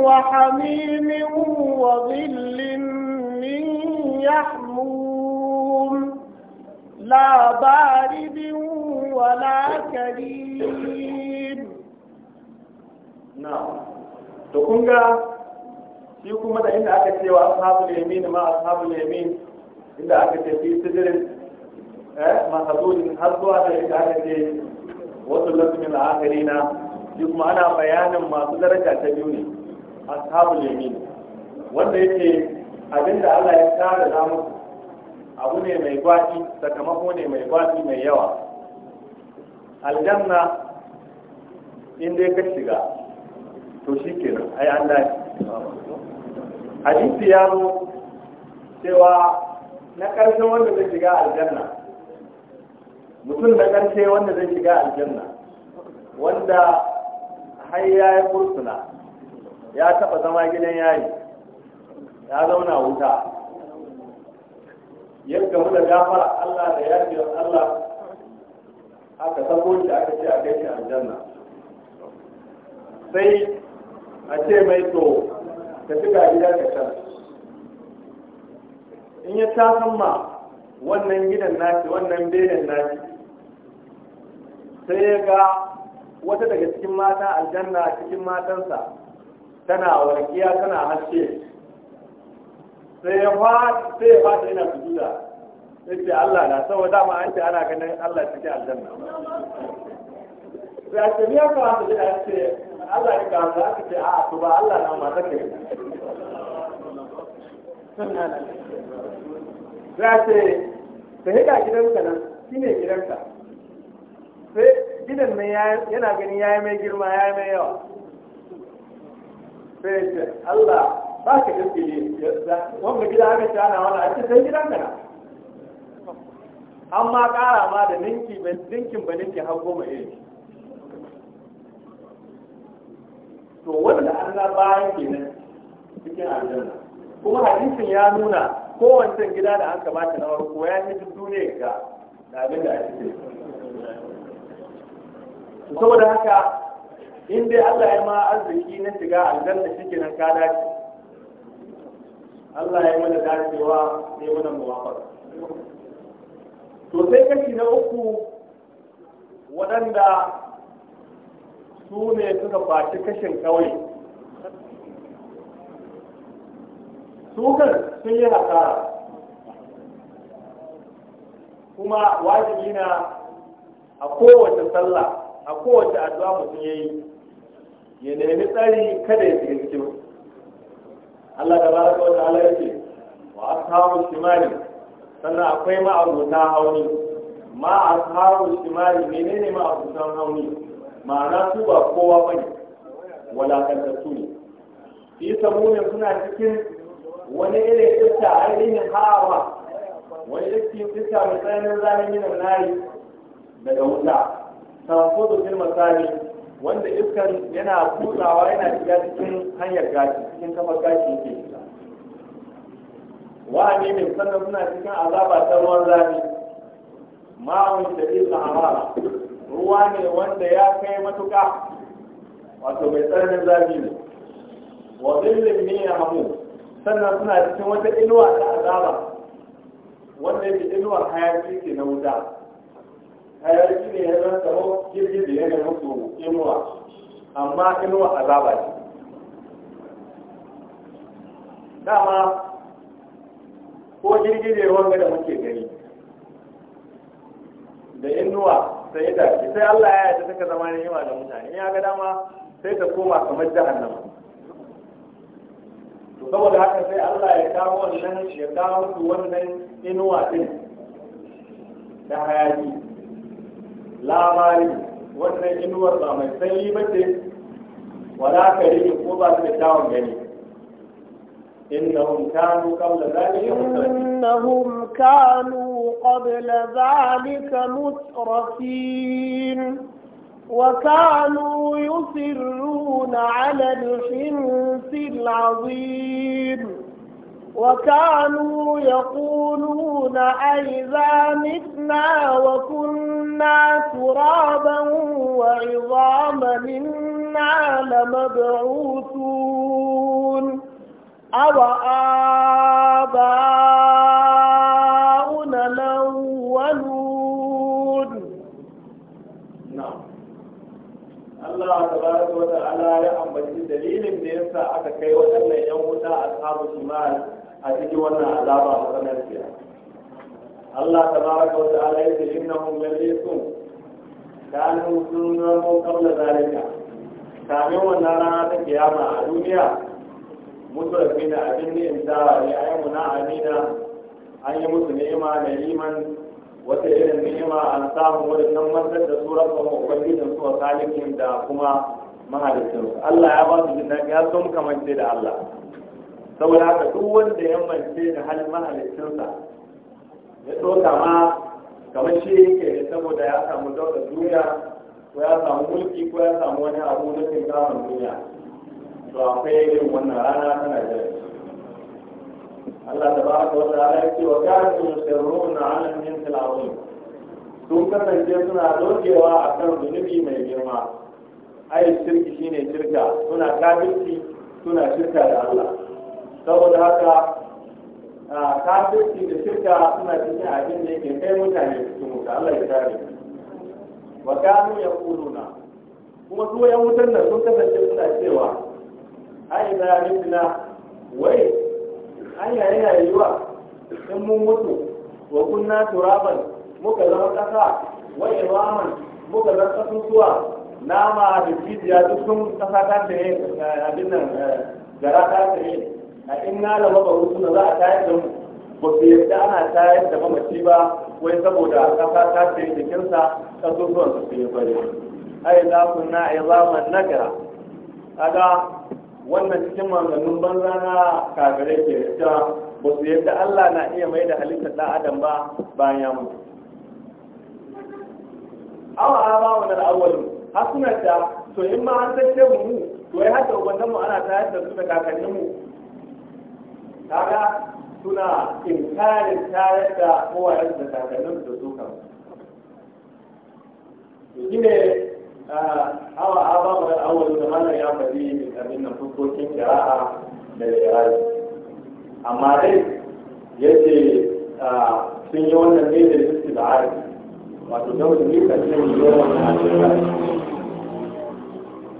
وحميم وظل من يحموم لا بارد ولا كريم نعم تكونغا في كما ان اكتي واصحاب اليمين ما اصحاب اليمين ان اكتي في سدر ما حدود حدوا على اكتي وصلت من الاخرين duk kuma ana bayanin masu daraja ta biyu ne a sabon yamin wanda yake abinda Allah ya tara da mu abu ne mai gwaji sakamako ne mai gwaji mai yawa aljanna in dai ka shiga to shi kenan ai an dace hadisi ya zo cewa na karshe wanda zai shiga aljanna mutum na karshe wanda zai shiga aljanna wanda har ya yi fursuna ya taɓa zama gidan yayi ya zauna wuta yadda gamu da gafara Allah da yafiyar Allah aka sako shi aka ce a kai shi aljanna sai a ce mai to ka ci ga gida ka can in ya ta hamma wannan gidan nashi wannan benen nashi sai ya ga wata daga cikin mata aljanna cikin matansa tana warkiya tana haske sai ya fa sai ya fata yana sujuda sai ce Allah na saboda ma an ce ana ganin Allah cikin aljanna sai a ce ya ka hasa da ce Allah ya ka su aka ce a a ba Allah na ma take sai a ce ta hika gidanka nan shine gidanka sai gidan nan yana gani ya yi mai girma ya yi mai yawa sai ce Allah ba ka gaske ne wanda gida aka ci ana wani a cikin gidan ka na an ma kara ma da ninki ninkin ba ninki har goma yi to wanda an na bayan kenan cikin aljanna kuma hadisin ya nuna kowancan gida da an kamata na warko ya duk duniya ga abin da a cikin saboda haka in dai Allah ya ma arziki na shiga aljanna shike nan ka dace Allah ya mana dacewa ne mana muwafaka to sai kashi na uku waɗanda su ne suka faci kashin kawai, sukan sun yi hasara kuma wajibi na a kowace sallah a kowace addu'a mutum ya yi ya nemi tsari kada ya shiga cikin Allah da baraka wa ta'ala ya ce wa ashabu shimali sannan akwai ma abuta hauni ma ashabu shimali menene ma abuta hauni ma'ana su ba kowa bane walakantattu ne fi samuni suna cikin wani irin iska ainihin hawa wani iska mai tsananin zanen minan nari daga wuta tanfudu fil masani, wanda iskan yana kutsawa yana shiga cikin hanyar gashi cikin kafar gashi yake shiga wa ne sannan suna cikin azaba ta ruwan zafi. ma'aun da isa amara ruwa ne wanda ya kai matuka wato mai tsananin zafi ne wa zillin ne ya hamu sannan suna cikin wata inuwa ta azaba wanda yake inuwar hayaki ke na wuta hayaki ne ya zan tsaro jirgin da ya ga musu inuwa amma inuwa azaba ce dama ko girgire wanga da muke gani da inuwa sai da sai Allah ya yarda take zama ne yawa da mutane in ya ga dama sai ta koma kamar jahannama to saboda haka sai Allah ya kawo wannan ya kawo su wannan inuwa din da hayaki لا wannan inuwar ba mai sanyi ولا ce wala kare ko إنهم كانوا قبل ذلك إنهم كانوا قبل ذلك مترفين وكانوا يصرون على الحنس العظيم وكانوا يقولون أئذا متنا وكنا كنا ترابا وعظاما إنا لمبعوثون أو آباؤنا الأولون نعم Allah tabaraka wa ta'ala ya ambaci dalilin da ya sa aka kai waɗannan 'yan wuta ashabu shimal a cikin wannan azaba a sanarciya. Allah tabaraka wa ta'ala yace innahum lallaykum kanu sunnamu qabla zalika kamin wannan rana ta kiyama a duniya mutarfina abin ne intara ne ayyuna amina an yi musu ni'ima da liman wata irin ni'ima a samu wani tabbatar da su rabbahu ubangijin su wa da kuma mahalicin Allah ya ba su jinnan ya kamance da Allah saboda duk wanda ya da hali mahalicinsa ya ɗauka ma kamar shi yake saboda ya samu daular duniya ko ya samu mulki ko ya samu wani abu na cin samun duniya to akwai irin wannan rana ta jira Allah da ba ta wata ala yake wa kafin sirruna ala min tilawun sun kasance suna dogewa a kan zunubi mai girma ai shirki shine shirka suna kafirci suna shirka da Allah saboda haka kafirci da shirka suna cikin abin da yake kai mutane su wuta Allah ya kare wa kanu yaquluna kuma su yan wutar nan sun kasance suna cewa ai da mitna wai an yayin yiwa, in mun mutu wa kunna turaban muka zama kasa wa iraman muka zama kasusuwa nama da jijiya duk sun kasa ta ne eh, abin nan eh, gara ta ne a in na lama ba wasu za a tayar da mu ba su yadda ana tayar da mamaci ba wai saboda kasa ta ce jikinsa kasusuwan su fiye bari ai za ku na izaman nagara kaga wannan cikin manzannin banza na kagare ke cewa ba su yadda Allah na iya mai da halittar ɗan adam ba bayan ya mutu awa a ba wani al'awalin har suna ta to in ma an san mu to ya hada ubannin mu ana tayar da su da kakannin mu kaga suna inkarin tayar da kowayen da takalmin da su kan shi ne hawa aba mai awali da mana ya faɗi min abin nan fuskokin kira'a da kira'a amma dai yace sun yi wannan ne da jiski da ari wato da wani ne kan yin yi wannan a cikin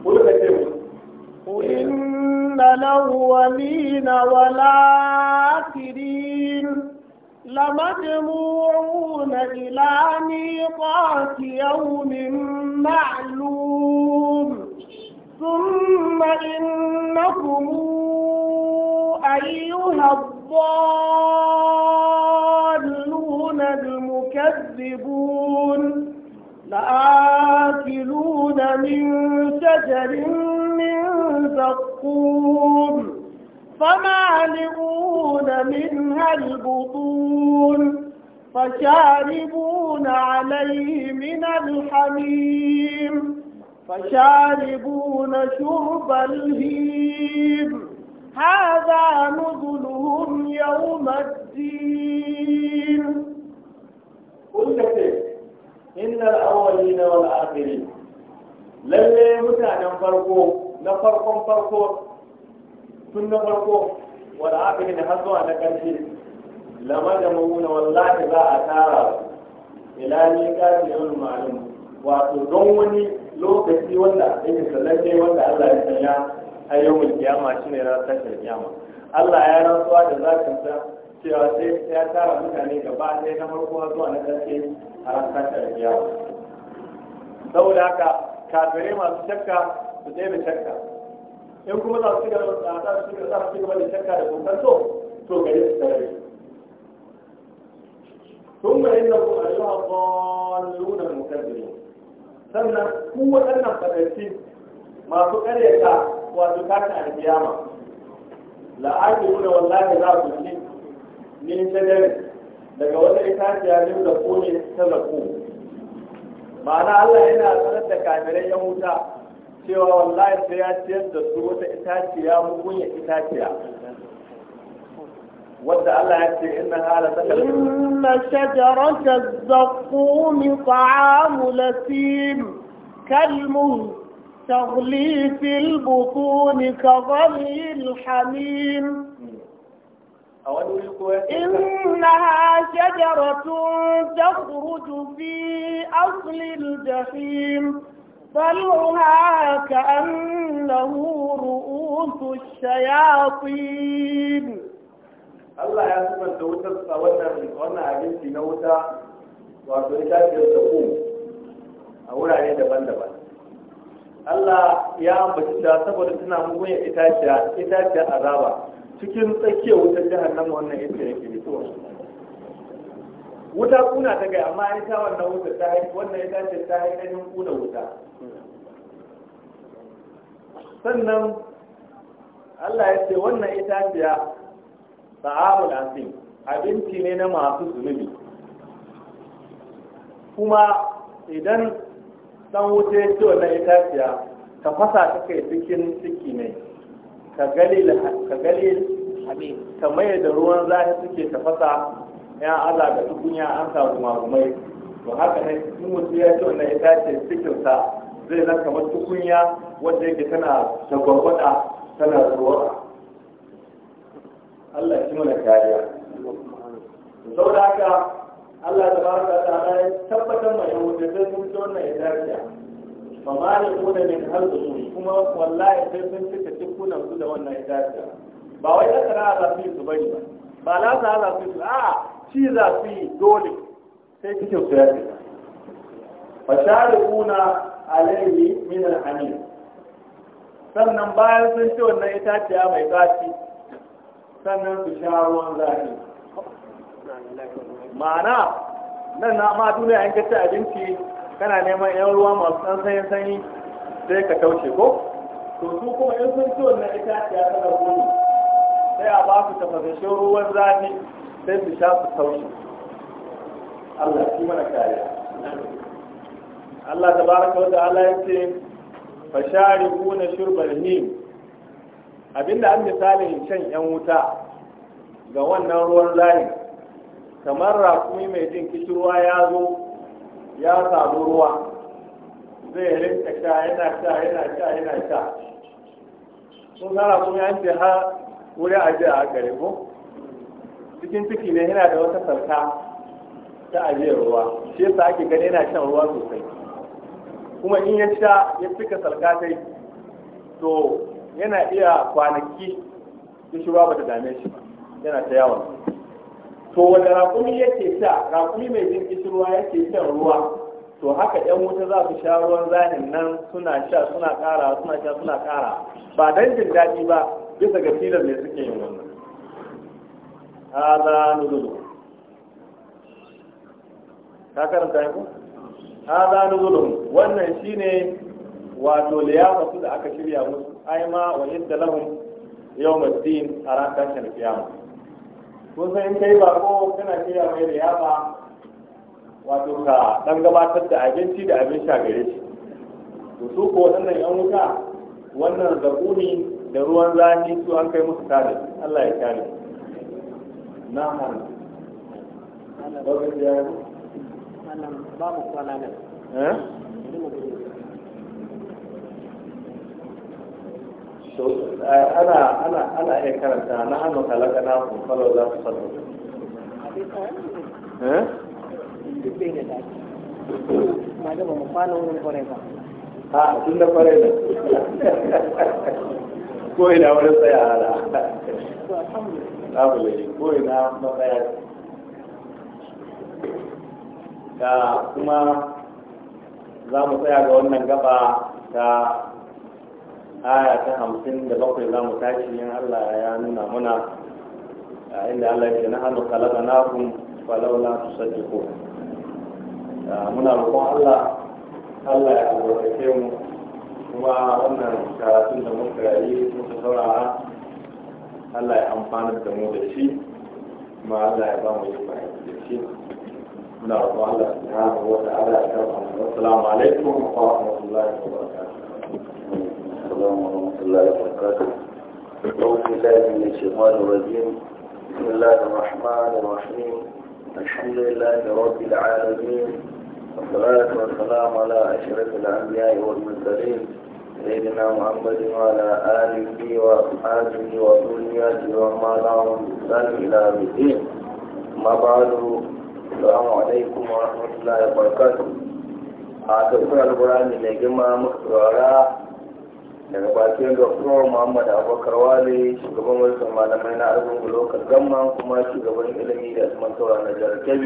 kula da ce الأولين والآخرين لمجموعون إلى ميقات يوم معلوم ثم إنكم أيها الضالون المكذبون لآكلون من شجر الزقوم فمالئون منها البطون فشاربون عليه من الحميم فشاربون شرب الهيم هذا نزلهم يوم الدين قلت إن الأولين والآخرين للي متعنى فرقوه na farkon farko tun na farko wani abin da har zuwa na ƙarshe lama da mawuna wallahi za a tara ila ne ƙarfi yau ma'alum wato don wani lokaci wanda a yi dai wanda Allah ya sanya a yau mai kiyama shi ne ranar tashar kiyama Allah ya rantsuwa da zakinsa cewa sai ya tara mutane gaba ɗaya na farko har zuwa na ƙarshe a ranar tashar kiyama saboda haka kafirai masu shakka su daina shakka in kuma za su gaba da za su gaba su gaba da shakka da kokanto to gari su tare sun mai yin ku a yi wa ƙwallon mukaddimi sannan ku waɗannan fadarci masu ƙaryata wato kaka a kiyama la'akiruna wallahi za ku ci ta shadari daga wata itaciya ne da kone ta zaku ma'ana Allah yana sanar da kafirai yan wuta cewa wallahi sai ya ciyar da su wata itaciya mugunya itaciya wadda Allah ya ce inna hala sakal inna shajarata zaqqum ta'am lasim kalmun تغلي في البطون كغلي الحميم إنها شجرة تخرج في أصل الجحيم طلعها كأنه رؤوس الشياطين الله يا سيدنا دوتا wannan wannan abinci na wuta wato ita ce ta ku a wurare daban Allah ya ambaci ta saboda tana mugun itaciya itaciya azaba cikin tsakiyar wutar jahannama wannan ita yake fitowa wuta kuna ta gaya amma ya wannan wuta ta haifi wannan ya tashi ta haifi ɗanyen kuna wuta sannan Allah ya ce wannan itaciya ta'amul asin abinci ne na masu zunubi kuma idan dan wuta ya ce wannan itaciya ka fasa ta kai cikin ciki ne ka gali ka gali ka mai da ruwan zafi suke tafasa ya Allah da tukunya an sa gumagumai to haka ne in mutum ya ce wannan itace cikinsa zai zan kamar tukunya wanda yake tana tagwagwada tana zuwa. Allah shi mana kariya sau da haka Allah ta baraka ta ala ya tabbatar mai da zai sun ci wannan itaciya ba ma ne kuna min har kuma wallahi sai sun cika cikunan su da wannan itaciya ba wai da tsara a zafi su bari ba ba la ta za su yi a ci za su yi dole sai cikin su ya ce fa sharibuna alaihi min alhamim sannan bayan sun ci wannan itaciya mai zafi sannan su sha ruwan zafi ma'ana nan na ma duniya an kace abinci kana neman yan ruwa masu ɗan sanyi sanyi sai ka taushe ko to su kuma in sun ci wannan itaciya ta da sai a ba su tafasashen ruwan zafi sai su sha su taushi Allah shi mana kariya Allah tabaraka wa ta'ala ya ce fa sharibu na him abinda an misalin shan yan wuta ga wannan ruwan zafi kamar rakumi mai jin kishirwa ya zo ya samu ruwa zai rinka sha yana sha yana sha yana sha sun sara kuma yanke har wurin ajiya a gare ko cikin ciki ne yana da wata sarka ta ajiyar ruwa shi yasa ake gani yana shan ruwa sosai kuma in ya sha ya cika sarka sai to yana iya kwanaki da shi ba ta dame shi yana ta yawon to wanda raƙumi yake sha rakumi mai jin ruwa yake shan ruwa to haka yan wuta za su sha ruwan zahin nan suna sha suna ƙara suna sha suna ƙara ba don jin daɗi ba bisa ga filar ne suke yin wannan hada nuzulu ka karanta yi ku hada nuzulu wannan shine wato liyafa su da aka shirya musu aima wa yadda lahum yawmal din a ran tashin kiyama kun san in kai ba ko kana shirya mai liyafa wato ka dan gabatar da abinci da abin sha gare shi to su ko wannan yan wuta wannan zakuni da ruwan zafi su an kai musu kare Allah ya kare na haru babu kwana nan ana ana ana iya karanta na hannu kalaka na kumfalo za su sallu eh? duk da ta ma da ba mu kwanan wani kwarai ba a tun da kwarai da ko ina wani tsaya ala alhamdulillah ko ina matsaya ta kuma za mu tsaya ga wannan gaba ta aya ta hamsin da bakwai za mu tashi yin Allah ya nuna muna a inda Allah ke na hannu kalaka na kun falaula su sadi ko muna roƙon Allah Allah ya albarkace mu kuma wannan karatun da muka yi muka saurara Allah ya amfana da mu da shi kuma Allah ya ba mu yi bayan da shi muna roƙon Allah subhanahu wa ta'ala ya karɓa mu assalamu alaikum wa rahmatullahi wa barakatuh السلام ورحمة الله وبركاته أعوذ بالله من الشيطان الرجيم بسم الله الرحمن الرحيم الحمد لله رب العالمين والصلاة والسلام على أشرف الأنبياء والمرسلين سيدنا محمد وعلى آله وأصحابه وذريته وما لهم بإحسان إلى يوم الدين أما بعد السلام عليكم ورحمة الله وبركاته a tafiyar alburani mai girma muka tsara daga bakin doktor muhammadu abubakar wale shugaban wasu malamai na arzikin lokacin gamman kuma shugaban ilimi da asimantarwa na jihar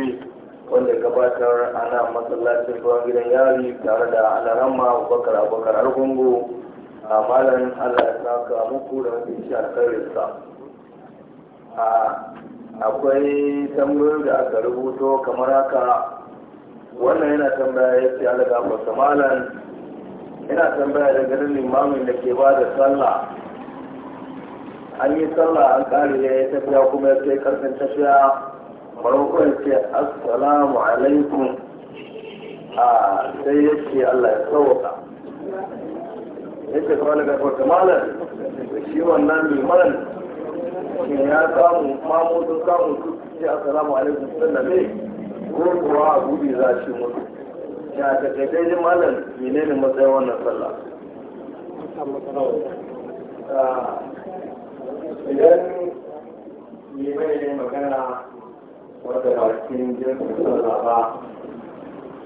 wanda gabatar ana masallacin ruwan gidan yari tare da alarama a abubakar argungu a malam allah ya saka muku da mafi shi alkhairinsa akwai tambayoyi da aka rubuto kamar haka wannan yana tambaya ya ce ala gafarsa malam yana tambaya da ganin limamin da ke ba da sallah an yi sallah an kare ya tafiya kuma ya kai karfin tafiya maimakon ce assalamu alaikum a sai ya ce Allah ya sauka yake kawai daga kwata malar shi wannan liman shi ya samu mamu sun samu su ce assalamu alaikum sun da ne ko kuwa a gudu za shi mutu ya ta daidai malar ne matsayin wannan sallah idan liman yin magana wadda ba cikin jinsu sun zaba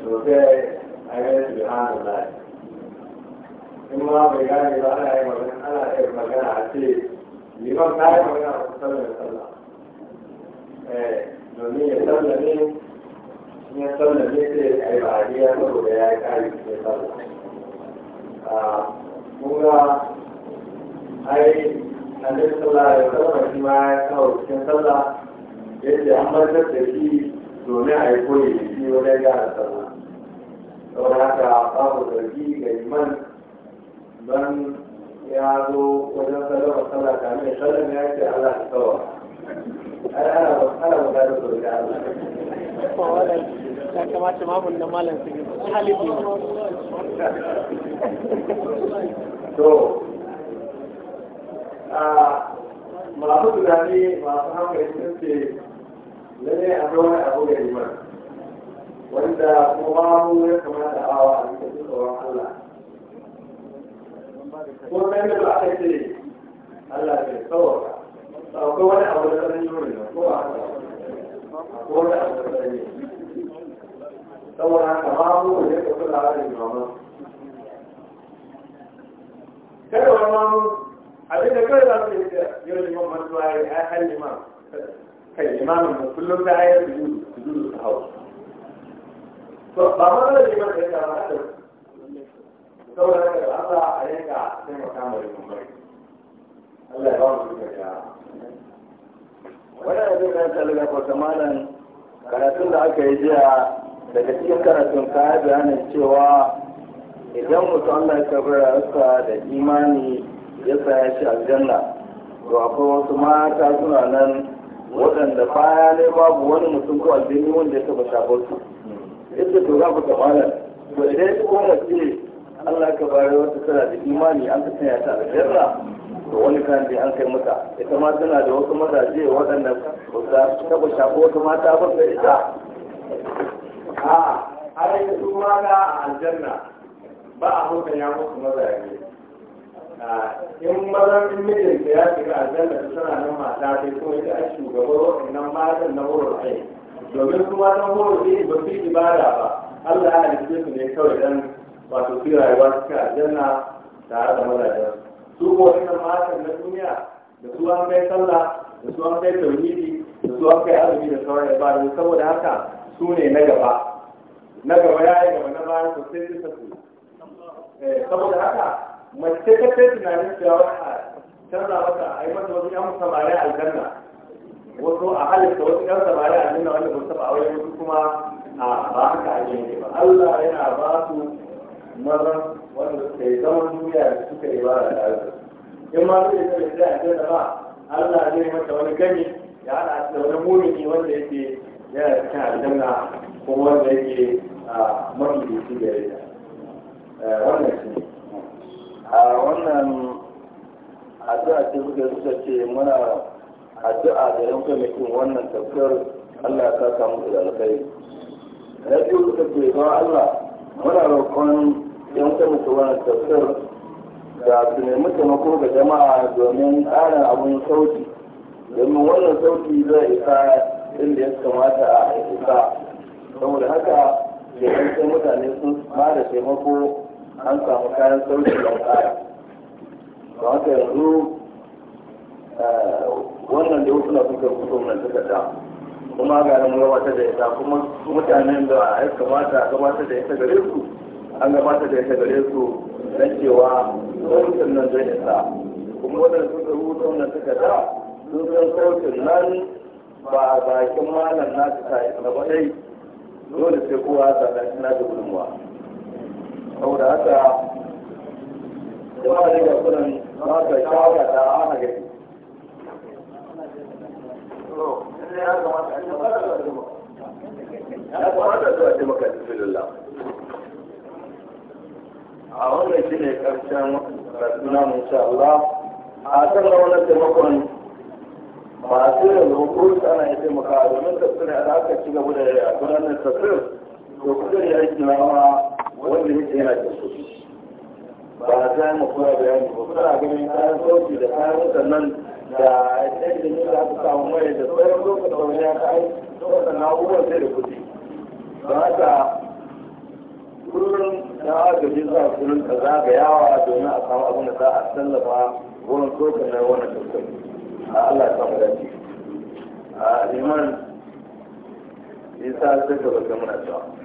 sosai a yi su hana lai in ma bai gane ba ana yi magana ana yi magana a ce liman ta yi magana a kusan da sallah eh, domin ya sallame ya sallame sai a yi ba'adiyya saboda ya yi kari ya sallah kuma ah, ai a annabi sallallahu alaihi wasallam shi ma ya kawo cikin sallah yadda an matar da shi domin a yi koyi da shi wajen gyara sallah saboda haka babu zargi ga iman don ya zo wajen sallama sallah kamin sallan ya ce Allah ta tsawa ai ana ba ana ba da su da Allah ya kamata mamun da malam su halibi to a masu tunani masu hankali sun ce lalle a wani abu da liman wanda kuma mu ya kamata a wa a cikin tsoron Allah ko kan da aka ce Allah bai tsawaka ko wani abu da sanin yuri ko a ko wani abu da sanin saboda haka ma mu ya kafa da halin mama kada wani mamu abinda kawai za su yi yau liman mantuwa ya yi halin mama kai imamin mu kullum da ayar sujudu sujudu ta hau to ba ma da liman da ya ba da saboda haka da Allah a yanka sai mu kama da kuma Allah ya ba mu duka ya wannan abin da ya tsallaka ko karatun da aka yi jiya daga cikin karatun ta yi bayanin cewa idan mutum Allah ya rasa da imani ya saya shi aljanna to akwai wasu mata suna nan waɗanda baya ne babu wani mutum ko aljini wanda ya taɓa shafar su yadda to za ku kamala to idan ya koma ce Allah ka bayar wata tana da imani an ka sanya ta jarra to wani kan da an kai mata ita ma tana da wasu mazaje waɗanda ba za su taɓa shafar wata mata ba da ita a a yi su mata a aljanna ba a hota ya muku mazaje in mazan in mijinta ya shiga aljanna da suna nan mata sai kuma ita a shugabar waɗannan matan na horo kai domin kuma na horo kai ba su ibada ba Allah ya halitta su ne kawai dan wato su rayuwa cikin aljanna tare da mazajen su ko ita matan na duniya da su an kai sallah da su an kai tauhidi da su an kai azumi da sauran ibadu saboda haka su ne na gaba na gaba ya yi gaba na baya sosai su eh, saboda haka mace ta kai tunanin cewa a canza mata a yi mata wasu yan samari a aljanna wasu a halitta wasu yan samari a aljanna wanda ba su a wajen wasu kuma a ba haka a yi ba Allah yana ba su mazan wanda suka yi zaman duniya da suka yi ba da tare in ma su yi zai da aljanna ba Allah zai mata wani gani ya haɗa da wani mumini wanda yake yana cikin aljanna kuma wanda yake a mafi da shi da ya wannan shi ne a wannan addu'a ce suka suka ce muna addu'a da yan kwamitin wannan tafiyar Allah ta samu da alkhairi na biyu suka ce ba Allah muna roƙon yan kwamitin wannan tafiyar da su nemi taimako ga jama'a domin tsarin abin sauti domin wannan sauti zai isa inda ya kamata a isa saboda haka da mutane sun ba da taimako an samu kayan sauki da kaya ba haka yanzu eh, wannan da wasu na suka kusa wannan takarda kuma ga nan gabata da ita kuma mutanen da ya kamata a da ita gare su an gabata da ita gare su na cewa sautin nan zai isa kuma wadanda suka rubuta wannan takarda sun san sautin nan ba bakin malam na ta isa ba dai dole sai kowa sannan na da gudunmuwa saboda haka da ba da kudan ba ta shawara da ana gari ya kamata a ce maka alhamdulillah a wannan shi ne karshen rasuna insha Allah a kan wannan taimakon masu yin rukus ana yi taimaka domin tafsirin da aka ci gaba da a gudanar tafsir to kudin ya yi kinawa wanda yake yana da su ba za mu kura bayani ba kuna ganin kayan sauki da kayan waɗannan da yadda za aka samu mai da sauran lokacin wani ya kai lokacin na'urar sai da kuɗi don haka kullum na agaji za ka rinka zagayawa domin a samu abin da za a tallafa wurin sokan na wannan tattalin a Allah ya samu dace a liman isa sai ka baka muna cewa